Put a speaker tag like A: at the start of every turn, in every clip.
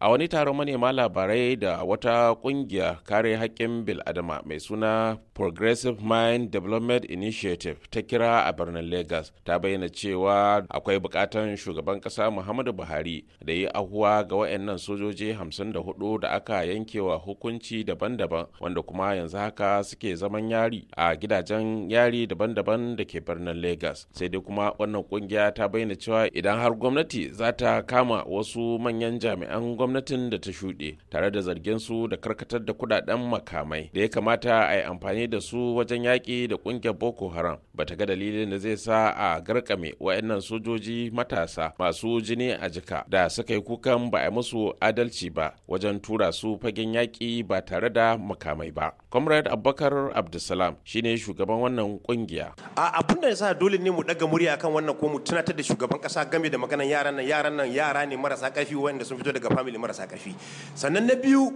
A: a wani taron manema labarai da wata kungiya kare haƙƙin biladama mai suna progressive mind development initiative ta kira a birnin lagos ta bayyana cewa akwai bukatan shugaban ƙasa muhammadu buhari da yi ahuwa ga wayannan sojoji 54 da aka yankewa hukunci daban-daban wanda kuma yanzu haka suke zaman yari a gidajen yari daban-daban da ke birnin lagos sai dai kuma wannan kungiya ta bayyana cewa idan har gwamnati za ta kama wasu manyan jami'an gwamnati gwamnatin da ta shuɗe tare da zargin su da karkatar da kudaden makamai da ya kamata a yi amfani da su wajen yaƙi da ƙungiyar boko haram ba ta ga dalilin da zai sa a garkame waɗannan sojoji matasa masu jini a jika da suka yi kukan ba a musu adalci ba wajen tura su fagen yaƙi ba tare da makamai ba comrade abubakar abdulsalam shine shugaban wannan kungiya
B: a abin da yasa dole ne mu daga murya akan wannan ko mu tunatar da shugaban ƙasa game da maganan yaran nan yaran nan yara ne marasa ƙarfi wanda sun fito daga family hankali marasa ƙarfi sannan na biyu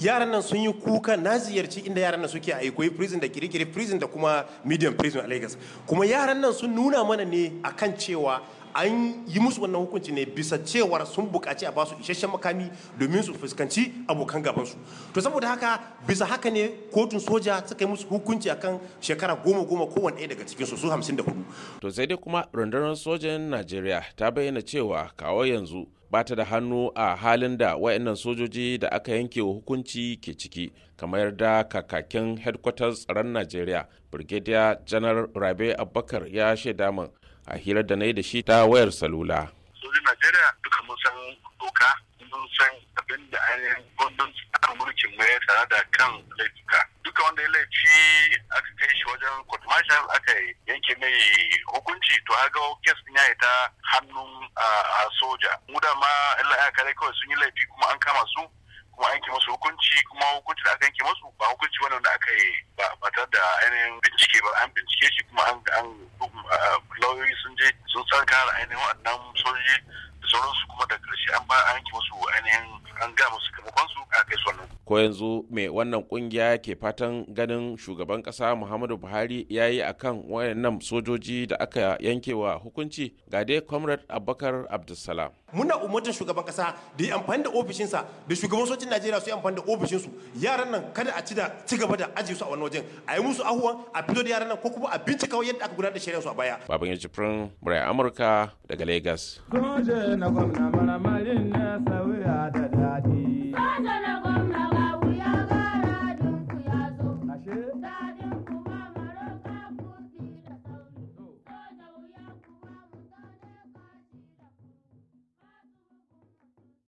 B: yaran nan sun yi kuka na ziyarci inda yaran nan suke a ikoyi prison da kirikiri prison da kuma medium prison a lagos kuma yaran nan sun nuna mana ne akan cewa an yi musu wannan hukunci ne bisa cewar sun buƙaci a basu isasshen makami domin su fuskanci abokan gabansu to saboda haka bisa haka ne kotun soja suka yi musu hukunci akan shekara goma goma kowane ɗaya daga cikin su hamsin da hudu
A: to sai dai kuma rundunar sojan najeriya ta bayyana cewa kawo yanzu bata da hannu a halin da wayannan sojoji da aka yanke hukunci ke ciki kamar da kakakin headquarters tsaron najeriya brigadier janar rabe abubakar ya shaida min a hirar da na yi da shi ta wayar salula sojin najeriya duka mun san
C: doka mun san abin da ainihin gwamnati tsarin mulkin mai tare da kan laifuka duka wanda ya laifi yi aka kai shi wajen court martial aka yanke mai hukunci to a gawo kes din ya ta hannun soja mu da ma Allah ya kare kawai sun yi laifi kuma an kama su kuma an yanke musu hukunci kuma hukunci da aka yanke musu ba hukunci wani wanda aka yi ba tare da ainihin bincike ba an bincike shi kuma an lauyoyi sun je sun san kara ainihin waɗannan sojoji da sauransu kuma da ƙarshe an ba an yanke musu ainihin an ga musu
A: ko yanzu mai wannan kungiya ke fatan ganin shugaban kasa muhammadu buhari ya yi a kan wayannan sojoji da aka yanke wa hukunci ga dai comrade abubakar abdulsalam muna umarcin shugaban kasa da ya
B: amfani da ofishinsa da shugaban sojin najeriya su yi amfani da ofishinsu yaran nan kada a ci da ci gaba da ajiye su a wani wajen a yi musu ahuwan a fito da yaran nan ko kuma a bincika yadda aka gudanar da su a baya
A: baban ya firin murai amurka daga lagos.
C: Koje na gwamna maramarin na sauya da daɗi.